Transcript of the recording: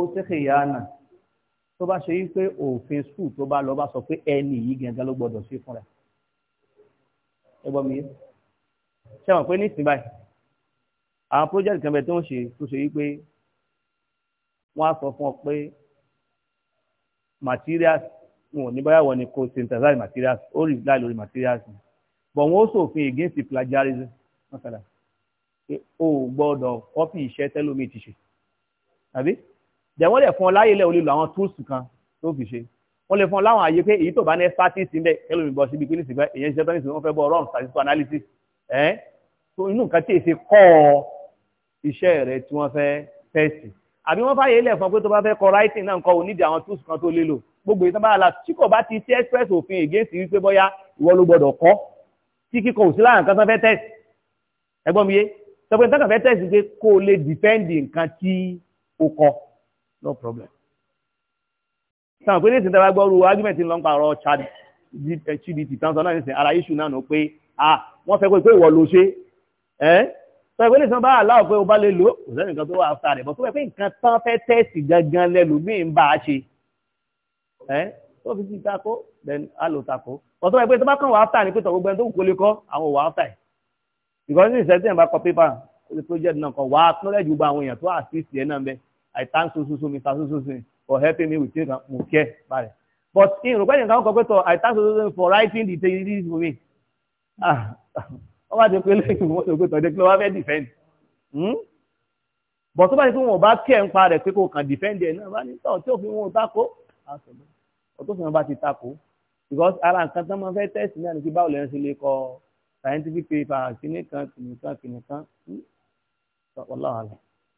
ó tẹ́kẹ̀ yá náà tó bá ṣe wípé òfin skul tó bá lọ bá sọ pé ẹni yìí gangan ló gbọdọ̀ sí fúnra ẹ gbọ́ mi yé ṣé wọn pé ní ìsìn báyìí àwọn project kan bẹ tó ń ṣe tó ṣe wípé wọn á sọ fún ọ pé materials wọn ò ní báyà wọn ni kò synthesize materials ó rí láì lórí materials ni but wọn ó ṣòfin against plagiarism wọn kàdà pé o ò gbọdọ̀ copy iṣẹ́ tẹ́lómi ti ṣe tàbí jẹ́ wọ́n lè fún ọ láyé lẹ́ o lè lo àwọn tools kan tó fi ṣe wọ́n lè fún ọ láwọn àyè pé èyí tó bá ní expertise ń bẹ̀ ẹlòmí bọ̀ síbi pínlẹ̀ síbẹ̀ èyí ṣiṣẹ́ tọ́nisì wọ́n fẹ́ bọ́ run statistical analysis ẹ̀ tó inú nǹkan tí èsì kọ́ ọ iṣẹ́ rẹ̀ tí wọ́n fẹ́ tẹ́sì àbí wọ́n fàyè lẹ̀ fún ọ pé tó bá fẹ́ kọ writing náà nǹkan ò nídìí àwọn tools kan tó lè lò gbogbo ìtàn bá la tí kò bá ti ṣe express òfin against wípé bọ́yá ìwọ ló gbọdọ̀ kọ́ tí kíkọ òsì láàrín nǹkan tó fẹ́ tẹ́sì ẹgbọ́n mi yé sọ pé nǹkan kan fẹ́ tẹ́sì pé kó o lè defend nǹkan no problem. Sàn pé ní ìsìn tẹ́wàá gbọ́rú argument ń lọ ń pààrọ̀ Chad GDP tánzán náà nísìn ara issue náà nù pé ah wọ́n fẹ́ pé ìwọ ló ṣe ẹ́ sọ pé ní ìsìn bá aláwọ̀ pé o bá lè lò kò sẹ́ni nǹkan tó wà áfà rẹ̀ bọ́ tó pé nǹkan tán fẹ́ tẹ́sì gangan lẹ́lu mí ń bá a ṣe ẹ́ tó fi ti tako then a lò tako bọ́ tó pé tó bá kàn wà áfà ni pé tọ̀ gbogbo ẹni tó kò lè kọ́ àwọn ò wà áfà ẹ̀ because ní ìsẹ́tì ẹ̀ bá kọ pépà project náà kan wà á knowledge gbogbo àwọn èèyàn tó assist ẹ̀ náà bẹ́ẹ̀ I thank so so so Mr. so so so for helping me with things mo care about but in rògbẹ́ yẹn kan kọ pé I thank so so so for writing the things for me ah wọ́n bá ti pé lẹ́yìn wọ́n ti pé tọ́ de kí ló wá fẹ́ defend hmm? bọ̀ tó bá ti pé wọn ò bá kẹ́ ń pa rẹ̀ pé kò kàn defend ẹ̀ náà bá ní tọ̀ tí òfin wọn ò tako ọtún fún wọn bá ti tako because ara nǹkan tó máa fẹ́ test náà ni kí báwo lẹ́yìn ṣe lè kọ scientific paper kìnìkan kìnìkan kìnìkan hmm? wọ́n láwọn àlẹ́.